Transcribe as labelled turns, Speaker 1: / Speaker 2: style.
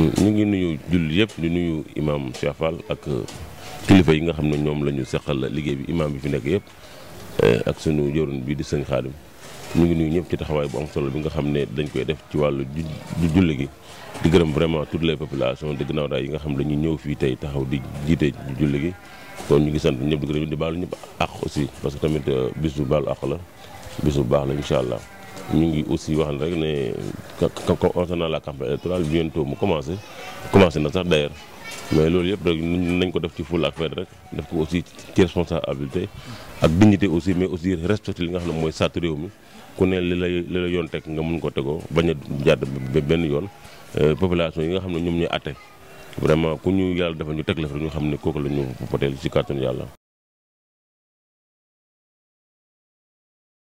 Speaker 1: ñu ngi nuyu jullit yëpp di nuyu imaam Cheikh Fall ak euh, kilifa yi nga xam ne ñoom la ñu seqal liggéey bi imaam bi fi nekk yëpp euh, ak sunu jëwriñ bi di sëñ Xaadim ñu ngi nuyu ñëpp ci taxawaay bu am solo bi nga xam ne dañ koy def ci wàllu ju julli gi di gërëm vraiment toutes les populations de Guinaw Rail yi nga xam ne ñu ñëw fii tey taxaw di jiite julli gi kon ñu ngi sant ñëpp di gërëm di baalu ñëpp àq aussi parce que tamit euh, bis bu baalu àq la bis bu baax la incha allah. ñu ngi aussi wax rek ne concernant la campagne électorale bientôt mu commencé commencé na sax d'ailleurs mais loolu yëpp rek nañ ko def ci fulla ak fayda rek def ko aussi ci responsabilité ak dignité aussi mais aussi respecté li nga xam ne mooy sàtt réew mi ku ne li la li la yoon teg nga mun ko tegoo bañ a jàdd benn yoon euh, population yi nga xam ne ñoom ñooy atte vraiment ku ñu yàlla defal ñu teg la fa ñu xam ne kooku la ñu poteel si kàttanu
Speaker 2: yàlla